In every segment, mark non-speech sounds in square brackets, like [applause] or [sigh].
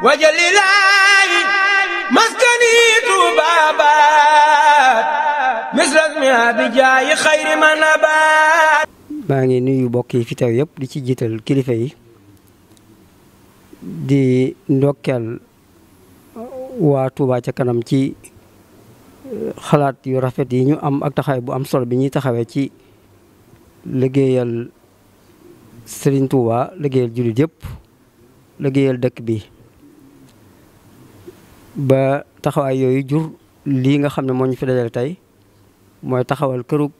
wajalilaayi maskani tuubaabaat misras mi abijaayi xayri man abaat maa ngi nuyu mbokk yi fi teew yëpp di ci jiital kilifa yi di ndokkeel uh, waa Touba ca kanam ci uh, xalaat yu rafet yi ñu am ak taxawaay bu am solo bi ñuy taxawee ci liggéeyal Serigne Touba liggéeyal jullit yëpp liggéeyal dëkk bi ba taxawaay yooyu jur lii nga xam ne moo ñu fi dajale tey mooy taxawal këru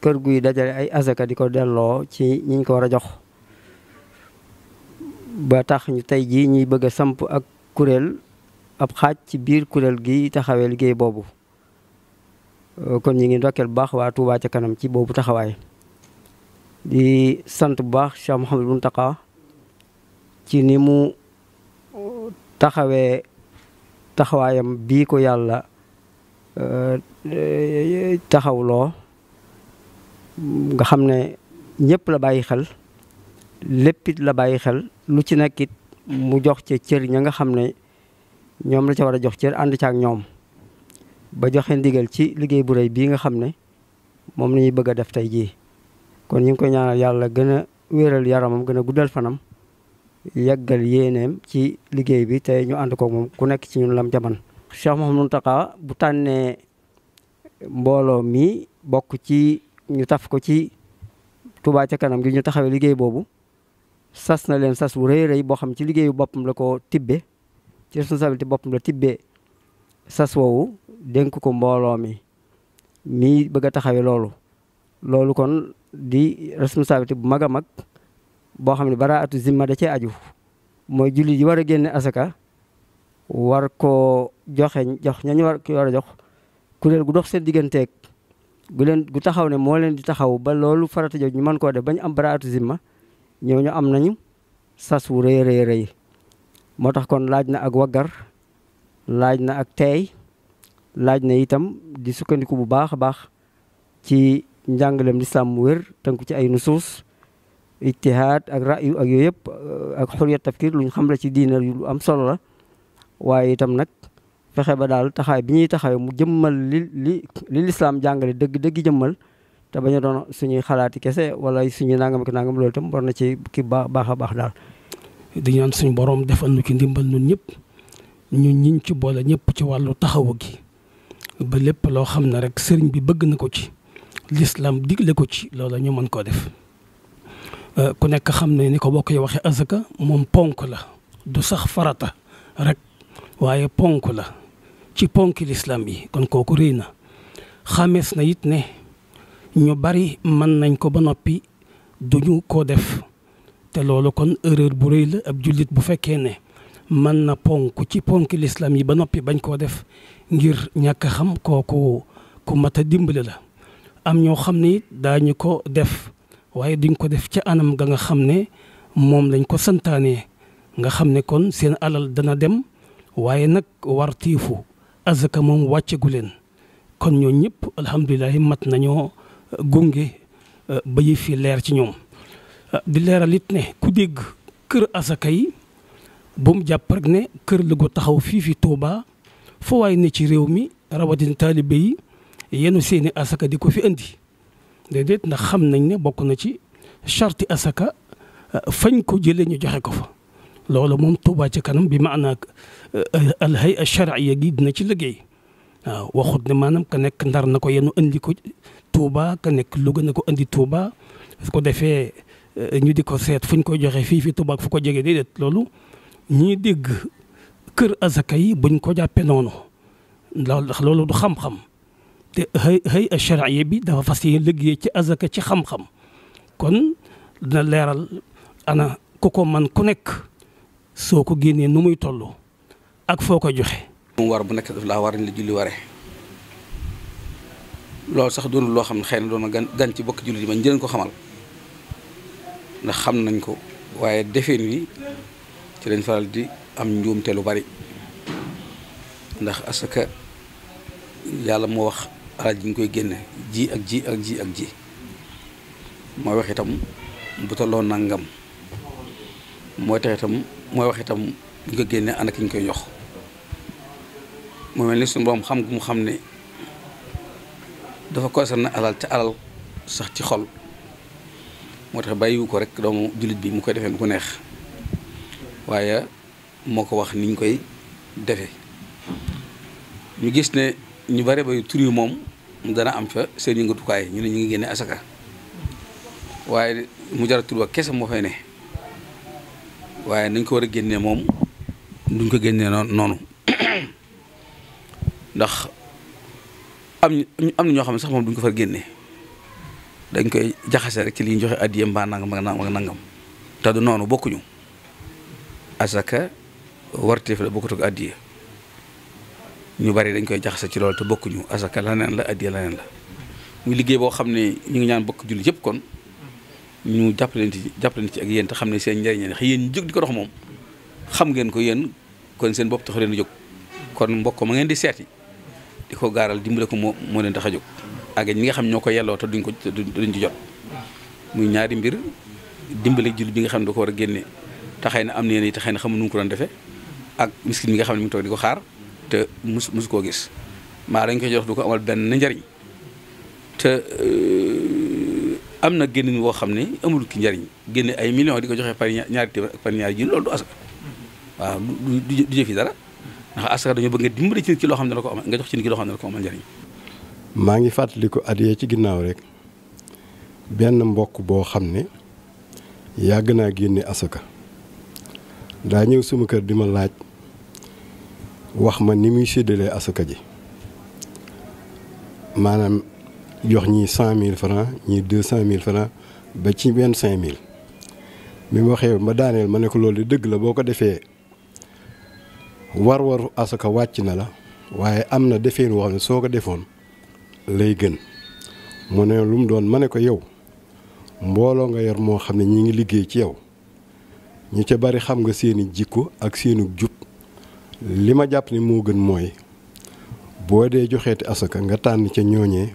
kër guy dajale ay azaka di ko delloo ci ñiñ ko war a jox ba tax ñu tey jii ñu bëgg a samp ak kuréel ab xaaj ci biir kuréel gi taxawee liggéey boobu euh, kon ñu ngi ndokkeel bu baax waa Touba ca kanam ci boobu taxawaay di sant bu baax Cheikh Mouhamadou Mountakha ci ni mu euh, taxawee taxawaayam bii ko yàlla euh, taxawloo nga xam ne ñëpp la bàyyi xel léppit la bàyyi xel lu ci nekkit mu jox ca cër ña nga xam ne ñoom la ca war a jox cër ànd ca ak ñoom ba joxe ndigal ci liggéey bu rëy bii nga xam ne moom la bëgg a def tey jii kon ñu ngi koy ñaanal yàlla gën a wéeral yaramam gën a guddal fanam yàggal yéeneem ci liggéey bi te ñu ànd ko moom ku nekk ci ñun lam jaman Cheikh Mouhamadou Mountakha bu tànnee mbooloo mi bokk ci ñu taf ko ci Touba ca kanam gi ñu taxawee liggéey boobu sas na leen sas bu rëy rëy boo xam ci liggéeyu boppam la ko tibbe ci responsabilité boppam la tibbee sas woowu dénk ko mbooloo mi mii bëgg a taxawee loolu loolu kon di responsabilité bu mag a mag boo xam ne baraatu zimma de cee aju mooy jullit yi war a génne asaka war ko joxeñ jox ñañu war war a jox kuréel gu dox seen digganteek gu leen gu taxaw ne moo leen di taxaw ba loolu farata jooju ñu man koo def bañ am baraatu zimma ñooñu am nañu sas wu rëy rëy rëy moo tax kon laaj na ak waggar laaj na ak teey laaj na itam di sukkandiku bu baax a baax ci njàngalem di mu wér tënku ci ay nusuus ijtihaad ak ra'yu ak yooyu yëpp euh, ak xuriyat tafkir luñ xam la ci diina lu am solo la waaye itam nag fexe ba daal taxaay bi ñuy taxawee mu jëmmal li li li lislaam jàngale dëgg dëgg jëmmal te bañ doon suñuy xalaati kese wala suñuy nangam ak nangam loolu itam war na ci ki baax a baax daal. di ñaan suñu borom defal nu ki ndimbal ñun ñëpp ñu ñiñ ci boole ñëpp ci wàllu taxawu gi ba lépp loo xam ne rek sëriñ bi bëgg na ko ci lislaam digle ko ci loola ñu mën koo def. Euh, ku nekk xam ne ni ko bokk yi waxee asaka moom ponk la du sax farata rek waaye ponk la ci ponk lislaam yi kon kooku rëy na xamees na it ne ñu bari mën nañ ko ba noppi du ñu ko def te loolu kon erreur bu réy la ab jullit bu fekkee ne mën na ponk ci ponk lislaam yi ba noppi bañ koo def ngir ñàkk xam kooku ku mat a dimbali la am ñoo xam ne it daañu ko def waaye dinga ko def ca anam ga nga xam ne moom lañ ko santaane nga xam ne kon seen alal dana dem waaye nag war tiifu azaka moom wàccegu leen kon ñoo ñëpp alhamdulilahi mat nañoo euh, gunge euh, ba yi fi leer ci ñoom euh, di leeral it ne ku dégg kër asaka yi jàpp rek ne kër la gu taxaw fii fi Touba fa waay ne ci réew mi rawatina taalibe yi yenu seeni asaka di ko fi andi déedéet ndax xam nañ ne bokk na ci charti asaka euh, fañ ko jëlee ñu joxe ko fa loolu moom Tuubaa ci kanam bi maanaa euh, al hay'a shar'iyya gi dina ci liggéey waaw waxut ne maanaam ka nekk ndar na ko yenu indi ko Tuubaa ka nekk Louga na ko andi Tuubaa su ko defee euh, ñu di ko seet fuñ ko joxe fii fii Tuubaa fu ko jege déedéet loolu ñuy dégg kër azaka yi buñ ko jàppee noonu loolu ndax loolu du xam-xam te xëy xëy a charia bi dafa fas yéene liggéey ci asaka ci xam-xam kon dina leeral ana ku ko man ku nekk soo ko génnee nu muy tolloo ak foo ko joxe. moom war bu nekk daf laa war la julli ware loolu sax doonul loo xam ne xëy na doon na gan gan ci bokk julli di man ko xamal ndax xam nañ ko waaye defeen wi ci lañ faral di am njuumte lu bari ndax asaka yàlla moo wax alal ji ñu koy génne ji ak ji ak ji ak ji mooy wax itam bu tolloo nangam mooy tax itam mooy wax itam ñu ko génne ana ki ñu koy jox mu mel ne suñu borom xam gu mu xam ne dafa concerné alal te alal sax ci xol moo tax bàyyiwu ko rek doomu jullit bi mu koy defee nu ko neex waaye moo ko wax ni ñu koy defee ñu gis ne ñu bare bay tur yi moom dana am fa seen yëngatukaay ñu ne ñu ngi génne asaka waaye mu jar tur ba kese moo fay ne waaye nañ ko war a génnee moom duñ ko génnee noonu [coughs] ndax am am na ñoo xam ne sax moom duñ ko far génnee dañ koy jaxase rek ci li ñu joxe addiya mbaa nangam ak nangam te du noonu bokkuñu asaka warteef la bokkut ak addiya ñu bari dañ koy jaxase ci loolu te bokkuñu asaka laneen la addiya laneen la muy liggéey boo xam ne ñu ngi ñaan bokk jullit yëpp kon ñu jàppalante jàppalante ci ak yéen te xam ne seen njëriñ la yéen ñu ko dox moom xam ngeen ko yéen kon seen bopp tax leen a jóg kon mbokk ma ngeen di seeti di ko gaaral dimbale ko moo moo leen tax a jóg ak ñi nga xam ñoo ko yelloo te duñ ko duñ ci jot muy ñaari mbir dimbale jullit bi nga xam ne da ko war a génne taxay na am na yéen yi taxay na xamu nu ko doon defee ak miskin bi nga xam ne mu ngi di ko xaar te mus mus koo gis maa dañ koy jox du ko amal benn njariñ te euh, am na génn woo xam ne amul ki njariñ génne ay million di ko joxe par ñaari téeméer ak par ñaari ji loolu du asaka waaw du du jëfi dara ndax asaka dañoo bëgg nga dimbali ci ci loo xam ne da ko amal nga jox ci nit ki loo xam ne da njariñ maa ngi fàttaliku at ci ginnaaw rek benn mbokk boo xam ne yàgg naa génne asaka daa ñëw suma kër di ma laaj wax ma ni muy séddalee asaka ji maanaam jox ñi cent mille francs ñi deux cent mille francs ba ci benn cinq mille bi mu waxee ma daaneel ma ne ko loolu dëgg la boo ko defee war-waru asaka wàcc na la waaye am na defeen woo xam ne soo ko defoon lay gën mu ne lu mu doon ma ne ko yow mbooloo nga yor moo xam ne ñi ngi liggéey ci yow ñu ca bari xam nga seeni jikko ak seenu jub li ma jàpp ni moo gën mooy boo dee joxeeti asaka nga tànn ca ñooñee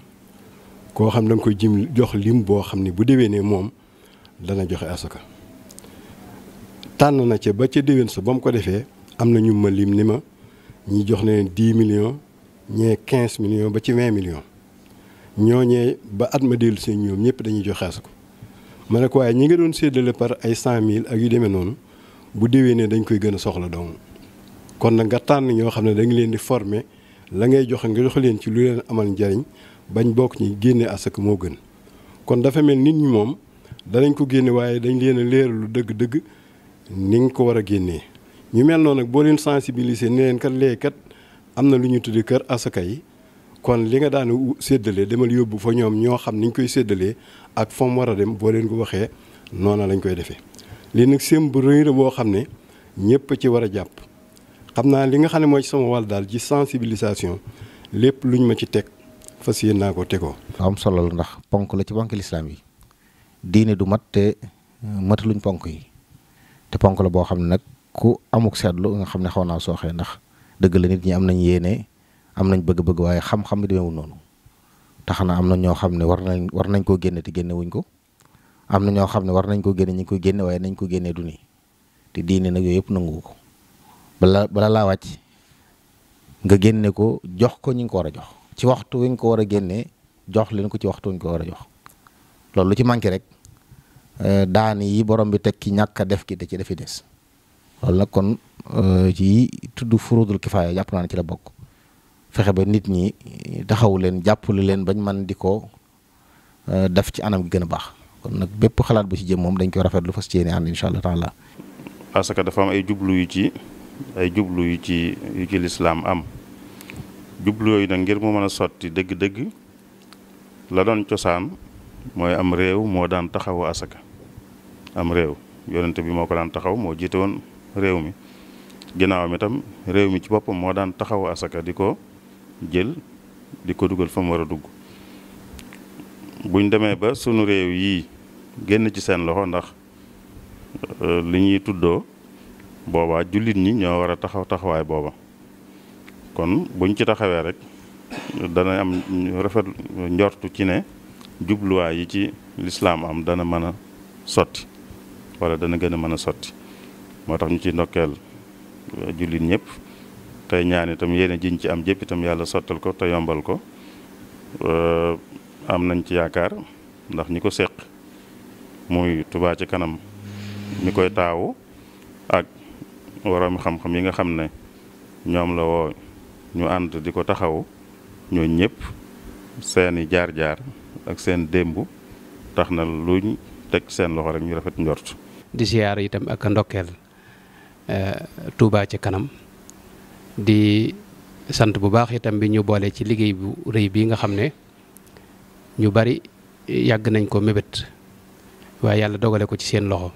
koo xam da nga koy jim jox lim boo xam ni bu déwénee moom dana joxe asaka tànn na ca ba ca déwén sa ba mu ko defee am na ñu ma lim ni ma ñi jox na leen million millions ñee quinze millions ba ci million millions ñooñee ba at ma dellu seen ñoom ñëpp dañuy joxe asaka ma ne ko waaye ñi nga doon séddale par ay cent mille ak yu demee noonu bu déwénee dañ koy gën a soxla doomu kon nag nga tànn ñoo xam ne da leen di former la ngay joxe nga jox leen ci lu leen amal njariñ bañ bokk ñi génne asaka moo gën kon dafa mel nit ñi moom danañ ko génne waaye dañ leen a leer lu dëgg-dëgg ni nga ko war a génnee ñu mel noonu nag boo leen sensibiliser ne leen kat léegi kat am na lu ñu tuddee kër asaka yi kon li nga daan séddale demal yóbbu fa ñoom ñoo xam ni ñu koy séddalee ak fam war a dem boo leen ko waxee noona lañ koy defee lii nag séem bu rëy la boo xam ne ñëpp ci war a jàpp. xam naa li nga xam ne mooy sama wàll daal ci sensibilisation lépp luñ ma ci teg fas yéen naa ko tegoo. am solo lu ndax ponk la ci ponk lislaam yi diine du mat te mataluñ ponk yi te ponk la boo xam ne nag ku amuk seetlu nga xam ne xaw naa sooxee ndax dëgg la nit ñi am nañ yéene am nañ bëgg-bëgg waaye xam-xam bi noonu tax na am na ñoo xam ne war nañ war nañ koo génne te génnewuñ ko am na ñoo xam ne war nañ koo génne ñu ngi koy génne waaye nañ ko génnee du nii te diine nag yooyu yëpp nanguwu ko. bala bala laa wàcc nga génne ko jox ko ñu ngi ko war a jox ci waxtu wi ñu ko war a génnee jox leen ko ci waxtu wi ko war a jox loolu lu ci manqué rek euh, daan yi borom bi teg ci ñàkk def ki da ci dafi des loolu nag kon euh, ci tudd furudul kifaaya jàpp naa ci la bokk fexe ba nit ñi taxawu leen jàppale leen bañ man di ko euh, def ci anam gi gën a baax kon nag bépp xalaat bu ci jëm moom dañ koy rafetlu fas yéene ànd incha allah taala parce que dafa am ay jublu yu ci. ay jublu yu ci yu ci lislaam am jublu yi nag ngir mu mën a sotti dëgg-dëgg la doon cosaan mooy am réew moo daan taxawu asaka am réew yonente bi moo ko daan taxaw moo jiite woon réew mi ginnaaw mi tam réew mi ci boppam moo daan taxawu asaka di ko jël di ko dugal fa mu war a dugg buñ demee ba sunu réew yii génn ci seen loxo ndax euh, li ñuy tuddoo boobaa jullit ñi ñoo war a taxaw taxawaay booba kon buñ ci taxawee rek dana am rafet njortu ci ne jubluwaay yi ci lislaam am dana mën a sotti wala dana gën a mën a sotti moo tax ñu ci ndokkeel euh, jullit ñëpp tey ñaan itam yéen a jiñ ci am jëpp itam yàlla sottal ko te yombal ko euh, am nañ ci yaakaar ndax ñi ko séq muy Touba ci kanam mi koy taawu ak waroom xam-xam yi nga xam ne ñoom la woo ñu ànd di ko taxaw ñoo ñëpp seeni jaar-jaar ak seen démb tax na luñ teg seen loxo rek ñu rafet njort. di ziar itam ak ndokkeel eh, Touba ci kanam di sant bu baax itam bi ñu boolee ci liggéey bu réy bii nga xam ne ñu bari yàgg nañ ko mébét waaye yàlla dogale ko ci seen loxo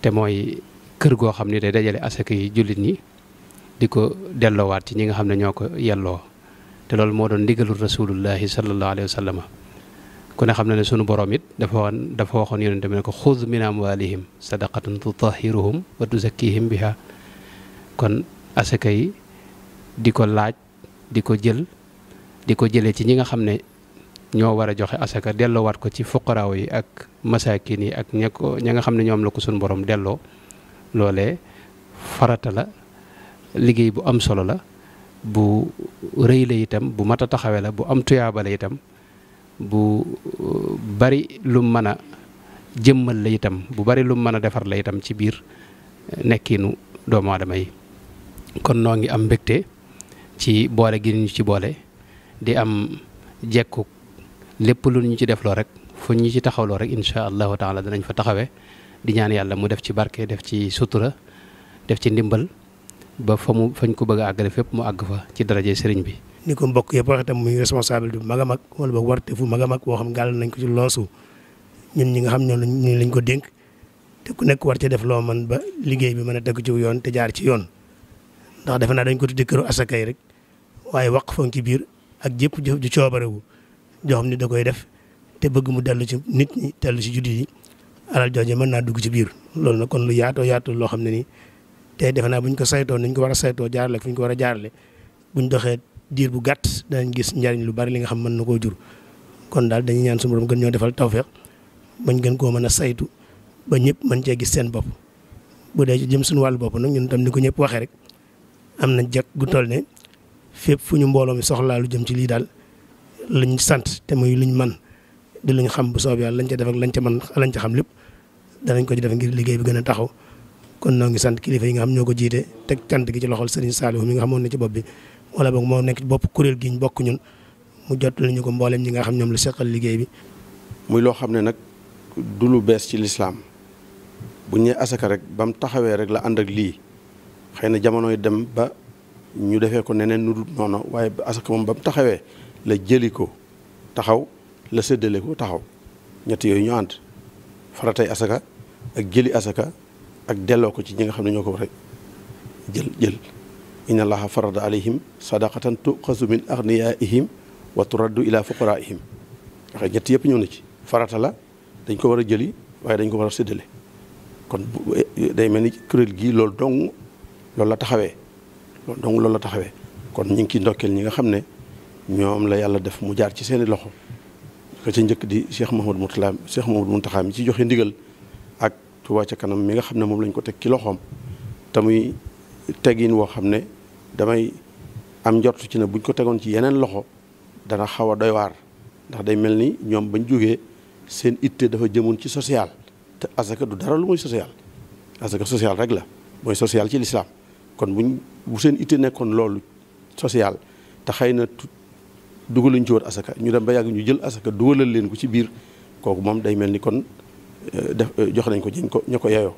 te mooy. kër goo xam ne day dajale asaka yi jullit ñi di ko delloowaat ci ñi nga xam ne ñoo ko yelloo te loolu moo doon ndigalul rasulullahi sallallahu alayhi wa sallam ku ne xam na ne sunu borom it dafa woon dafa waxoon yonente bi ne ko xud min amwalihim sadaqatan tutahiruhum wa tuzakkihim biha kon asaka yi di ko laaj di ko jël di ko jëlee ci ñi nga xam ne ñoo war a joxe asaka dellowaat ko ci fuqaraaw yi ak masaakin yi ak ña ko ña nga xam ne ñoom la ko sunu boroom delloo loole farata la liggéey bu am solo la bu rëy la itam bu mat a taxawe la bu am tuyaaba la itam bu uh, bari lu mën a jëmmal la itam bu bari lu mën a defar la itam ci biir uh, nekkiinu doomu aadama yi kon noo ngi am mbégte ci boole gi ñu ci boole di am jekku lépp lu ñu ci defloo rek fu ñu ci taxaw taxawloo rek incha allahu taala danañ fa taxawee di ñaan yàlla mu def ci barke def ci sutura def ci ndimbal ba fa mu fañ ko bëgg a àggale fépp mu àgg fa ci daraje sëriñ bi. ni ko mbokk yëpp waxee tam muy responsable bi mag a mag wala boog warte fu mag a mag boo xam gàll nañ ko ci loosu ñun ñi nga xam ñoo ñu lañ ko dénk te ku nekk war ci def loo man ba liggéey bi mën a tegu ci yoon te jaar ci yoon ndax defe naa dañ ko tuddi këru asakay rek waaye waq fa ci biir ak jëpp jëf ju coobarewu joo xam ne da koy def te bëgg mu dellu ci nit ñi dellu ci juddi yi alal jooje mën naa dugg ci biir loolu nag kon lu yaatoo yaatu loo xam ne ni tey defe naa bu ñu ko saytoo ni ko war a saytoo jaarale fu ñu ko war a jaarale bu ñu diir bu gàtt danañ gis njariñ lu bari li nga xam mën na koo jur kon daal dañuy ñaan suñu borom gën ñoo defal tawfeex bañ gën koo mën a saytu ba ñëpp mën cee gis seen bopp bu dee jëm suñu wàllu bopp nag ñun tam ni ko ñëpp waxee rek am na jag gu toll ne fépp fu ñu mbooloo mi soxlaa lu jëm ci lii daal luñ sant te muy luñ man di lu ñu xam bu soob lañ ca def lañ ca mën lañ ca xam lépp danañ ko ci def ngir liggéey bi gën a taxaw kon noo ngi sant kilifa yi nga xam ñoo ko jiite teg cant gi ci loxol Serigne Saliou mi nga xamoon ne ci bopp bi wala boog moo nekk bopp kuréel gi ñu bokk ñun mu jot lu ñu ko mboolem ñi nga xam ñoom la seqal liggéey loo xam ne nag du lu bees ci lislaam bu ñee asaka rek ba mu taxawee rek la ànd ak lii xëy na jamonoy dem ba ñu defee ko neneen nu dul noonu waaye asaka moom ba mu taxawee la jëli ko taxaw la séddale ko taxaw ñett yooyu ñoo ànd faratay asaka ak jëli asaka ak delloo ko ci ñi nga xam ne ñoo ko war a jël jël inna allaha farada alayhim sadaqatan tuqasu min yëpp ñëw ci farata la dañ ko war a jëli waaye dañ ko war a séddale kon eh, mel ni kuréel gii loolu dong la taxawee loolu loolu la taxawee kon ñu ngi ciy ndokkeel ñi nga xam ne ñoom la yàlla def mu jaar ci seeni loxo ka ca njëkk di Cheikh Mouhamadou Mourtala Cheikh Mouhamadou Mountakha mi ci joxe ndigal ak Touba ca kanam mi nga xam ne moom lañ ko teg ci loxoom te muy tegin woo xam ne damay am njort ci buñ ko tegoon ci yeneen loxo dana xaw a doy waar ndax day mel ni ñoom bañ jógee seen itte dafa jëmoon ci social te asaka du dara lu muy social asaka social rek la mooy social ci lislaam kon buñ bu seen itte nekkoon loolu social te xëy na dugaluñ ci woon asaka ñu dem ba yàgg ñu jël asaka dugalal leen ko ci biir kooku moom day mel ni kon euh, def euh, jox nañ ko jën ko ña ko yeyoo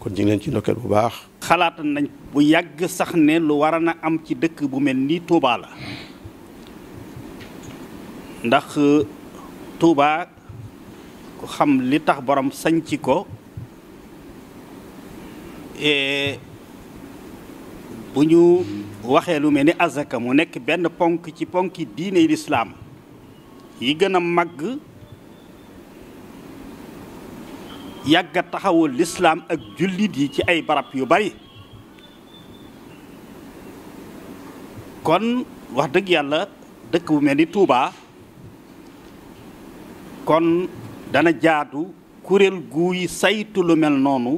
kon ñu ngi leen ci ndokkeel bu baax. xalaat nañ bu yàgg sax ne lu war na am ci dëkk bu mel ni Touba la ndax euh, Touba ku xam li tax borom sañci ko bu ñu. waxee lu mel ni azaka mu nekk benn ponk ci ponki diine lislaam yi gën a màgg yàgga taxawul lislaam ak jullit yi ci ay barab yu bari kon wax dëgg yàlla dëkk bu mel ni Touba kon dana jaadu kuréel guy saytu lu mel noonu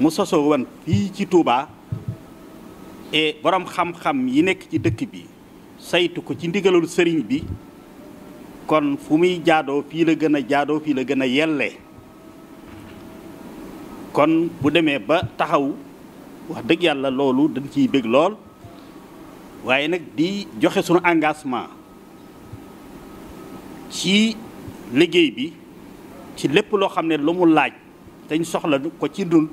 mu sosoo woon fii ci Touba et borom xam-xam yi nekk ci dëkk bi saytu ko ci ndigalul sëriñ bi kon fu muy jaadoo fii la gën a jaadoo fii la gën a yelle kon bu demee ba taxaw wax dëgg yàlla loolu dañ ciy bëgg lool waaye nag di joxe sunu engagement ci liggéey bi ci lépp loo xam ne lu mu laaj dañ soxla ko ci dund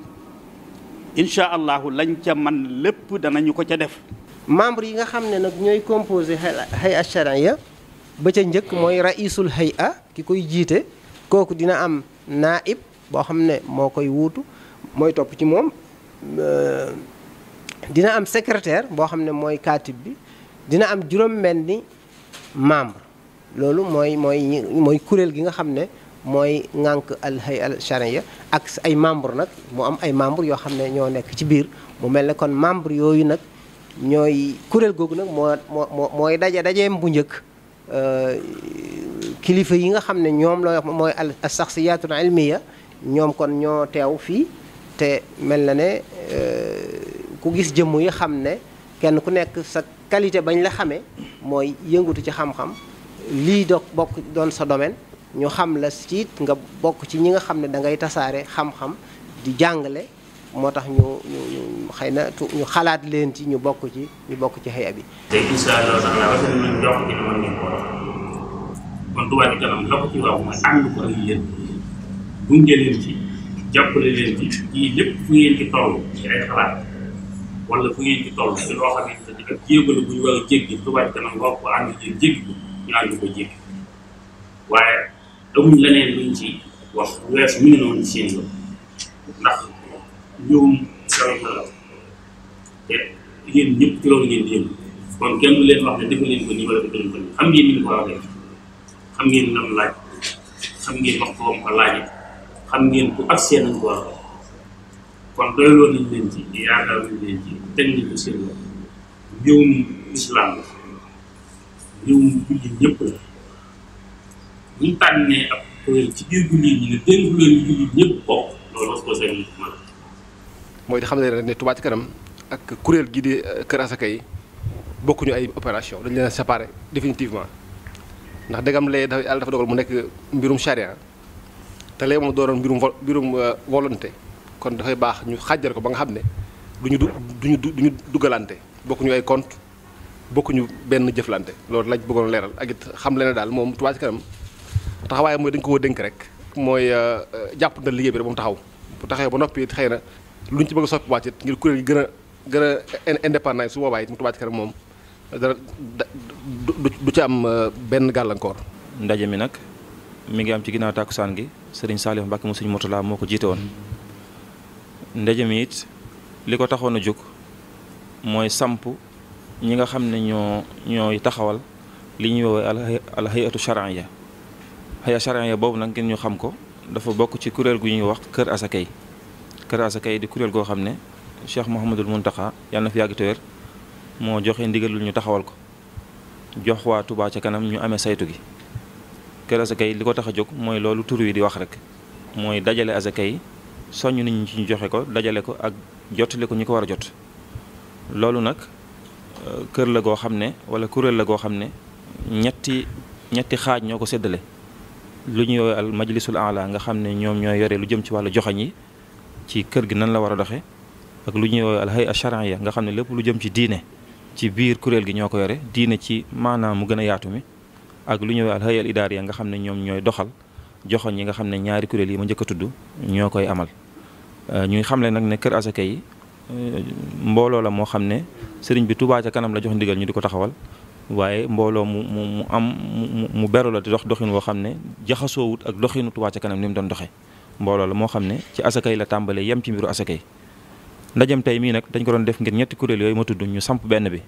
incha allahu lañ ca man lépp ñu ko ca def membre yi nga xam ne nag ñooy composé hay ya ba ca njëkk mooy raisul hay a ki koy jiite kooku dina am naib boo xam ne moo koy wuutu mooy topp ci moom euh, dina am secrétaire boo xam ne mooy kaatib bi dina am juróom-benni membre loolu mooy mooy mooy kuréel gi nga xam ne mooy ŋànk al hay al ak ay membre nag mu am ay membre yoo xam ne ñoo nekk ci biir mu mel ne kon membre yooyu nag ñooy kuréel googu nag moo moo mooy daje daje bu njëkk euh, kilifa yi nga xam ne ñoom la wax mooy al saxsiyatul ilmiya ñoom kon ñoo teew fii te mel na ne euh, ku gis jëmm yi xam ne kenn ku nekk sa qualité bañ la xamee mooy yëngutu ci xam-xam lii doog bokk doon sa domaine ñu xam la siit nga bokk ci ñi nga xam ne dangay tasaare xam-xam di jàngale moo tax ñu ñu xalaat leen ci ñu bokk ci ñu bokk ci xëy bi. te incha allah sax ci li ko wax kon jéggi Touba Kanam wax ko ànd ci jéggi waaye. amuñ leneen luñ ci wax wees mi ngi noonu seen yoon ndax ñoom saweta la te yéen ko nii wala ñëwum islam ñëwum julli ñëpp la bu ñu ci biir mooy di xam ne rek ne Touba kanam ak kuréel gi di euh, Kër Asaka yi bokkuñu ay opération dañu leen a séparé définitivement ndax dëggam lee dafa yàlla dafa dogal mu nekk mbirum charia te lee moom dooroon mbirum mbirum euh, volonté kon dafay baax ñu xàjjal ko ba nga xam ne duñu duñu duñu duggalante bokkuñu ay compte bokkuñu benn jëflante loolu laaj bëggoon leeral ak it xam leen daal moom Touba kanam taxawaay mooy dañ ko war dénk rek mooy euh, euh, jàpp na liggéey bi rek moom taxaw bu taxawee ba noppi it xëy na luñ ci bëgg a soppi wàcc it ngir kuréel gi gën a gën indépendant su boobaay it mu Touba Ca Kanam moom dara du ci am euh, benn gàllankoor. ndaje mi nag mi ngi am ci ginnaaw tàkkusaan gi sëriñ Saliou Mbacke mu sëriñ Mourtala moo ko jiite woon ndaje mi it li ko taxoon a jóg mooy samp ñi nga xam ne ñoo ñooy taxawal li ñuy woowee al hayatu charia xëya charia ya boobu nag ngeen ñu xam ko dafa bokk ci kuréel gu ñuy wax kër asakay kër asakay di kuréel goo xam ne Cheikh Mouhamadul Mountakha yàlla na fi yàgg téwér moo joxe ndigal lu ñu taxawal ko jox waa Touba ca kanam ñu amee saytu gi kër asakay li ko tax a jóg mooy loolu turi wi di wax rek mooy dajale asakay soññ nit ñi ci ñu joxe ko dajale ko ak jotale ko ñi ko war a jot loolu nag euh, kër la goo xam ne wala kuréel la goo xam ne ñetti ñetti xaaj ñoo ko séddale lu ñuy woowee al majlisul ala nga xam ne ñoom ñooy yore lu jëm ci wàllu joxañ yi ci kër gi nan la war a doxee ak lu ñuy woowee al hay'a nga xam ne lépp lu jëm ci diine ci biir kuréel gi ñoo ko yore diine ci maanaam mu gën a yaatu mi ak lu ñuy woowee al hay'a al nga xam ne ñoom ñooy doxal joxoñ yi nga xam ne ñaari kuréel yi ma njëkk a tudd ñoo koy amal euh, ñuy xamle nag ne kër asaka yi euh, mbooloo la moo xam ne sëriñ bi Tuubaa ca kanam la jox ndigal ñu di ko taxawal waaye mbooloo mu mu mu am mu mu beru di dox doxin woo xam ne jaxasoowut ak doxinu Touba ca kanam ni mu doon doxe mbooloo la moo xam ne ci asakay la tàmbalee yem ci mbiru asakay ndajam tey mii nag dañ ko doon def ngir ñetti kuréel yooyu ma tudd ñu samp benn bi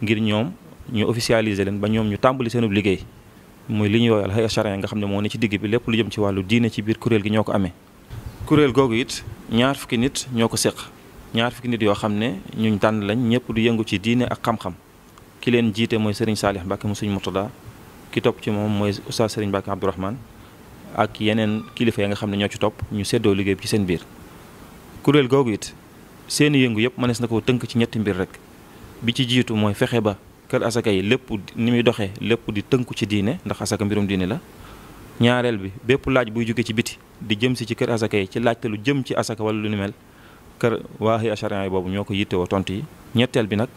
ngir ñoom ñu officialiser leen ba ñoom ñu tàmbali seen liggéey muy li ñuy woowee alxay charia nga xam ne moo ne ci digg bi lépp lu jëm ci wàllu diine ci biir kuréel gi ñoo ko amee. kuréel googu it ñaar fukki nit ñoo ko séq ñaar fukki nit yoo xam ne ñuñ tànn lañ ñëpp du yëngu ci diine ak xam ki leen jiite mooy Serigne Saalix Mbacke mu Serigne Murtada ki topp ci moom mooy Oustaz Serigne Mbacke Abdourahmane ak yeneen kilifa ya nga xam ne ñoo ci topp ñu seddoo liggéey bi ci seen biir. kuréel googu it seeni yëngu yëpp mënees na koo tënk ci ñetti mbir rek bi ci jiitu mooy fexe ba kër asaka yi lépp ni muy doxee lépp di tënku ci diine ndax asaka mbirum diine la. ñaareel bi bépp laaj buy jóge ci biti di jëm si ci kër asaka yi ci laajte lu jëm ci asaka wala lu ni mel kër waaxi boobu ñoo ko yittewoo tontu yi ñetteel bi nag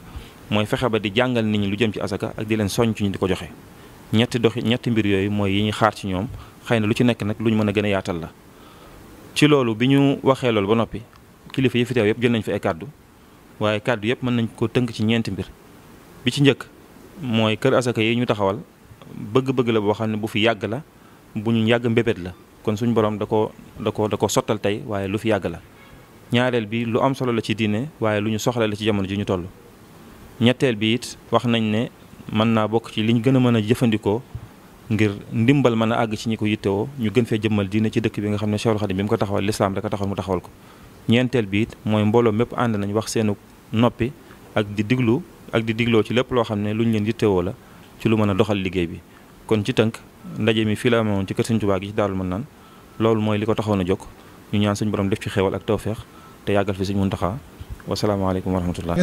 mooy fexe ba di jàngal nit ñi lu jëm ci asaka ak di leen soññ ci ñu di ko joxe ñetti doxi ñetti mbir yooyu mooy yi ñuy xaar ci ñoom xëy na lu ci nekk nag lu ñu mën a gën a yaatal la ci loolu bi ñu waxee loolu ba noppi kilifa yi fi teew yëpp jël nañ fi ay kàddu waaye kàddu yëpp mën nañ ko tënk ci ñeenti mbir bi ci njëkk mooy kër asaka yi ñu taxawal bëgg-bëgg la boo xam ne bu fi yàgg la bu ñu yàgg mbébét la kon suñu borom da ko da ko da ko sottal tey waaye lu fi yàgg la ñaareel bi lu am solo la ci diine waaye lu ñu soxla la ci jamono ji ñu toll ñetteel bi it wax nañ ne mën naa bokk ci liñ gën a mën a jëfandikoo ngir ndimbal mën a àgg ci ñi ko yittewoo ñu gën fee jëmmal diine ci dëkk bi nga xam ne Cheikhul Khadim bi mu ko taxawal lislaam rek a taxawal mu taxawal ko ñeenteel bi it mooy mbooloo mépp ànd nañu wax seenu noppi ak di diglu ak di digloo ci lépp loo xam ne lu ñu leen yittewoo la ci lu mën a doxal liggéey bi kon ci tënk ndaje mi fii la amoon ci kër Sëñ Tuubaa gi ci Daarul Manaan loolu mooy li ko taxawoon a jóg ñu ñaan suñu borom def ci xéewal ak tawfeex te yàggal fi Sëñ Muntaxaa wasalaamaaleykum wa rahmatullah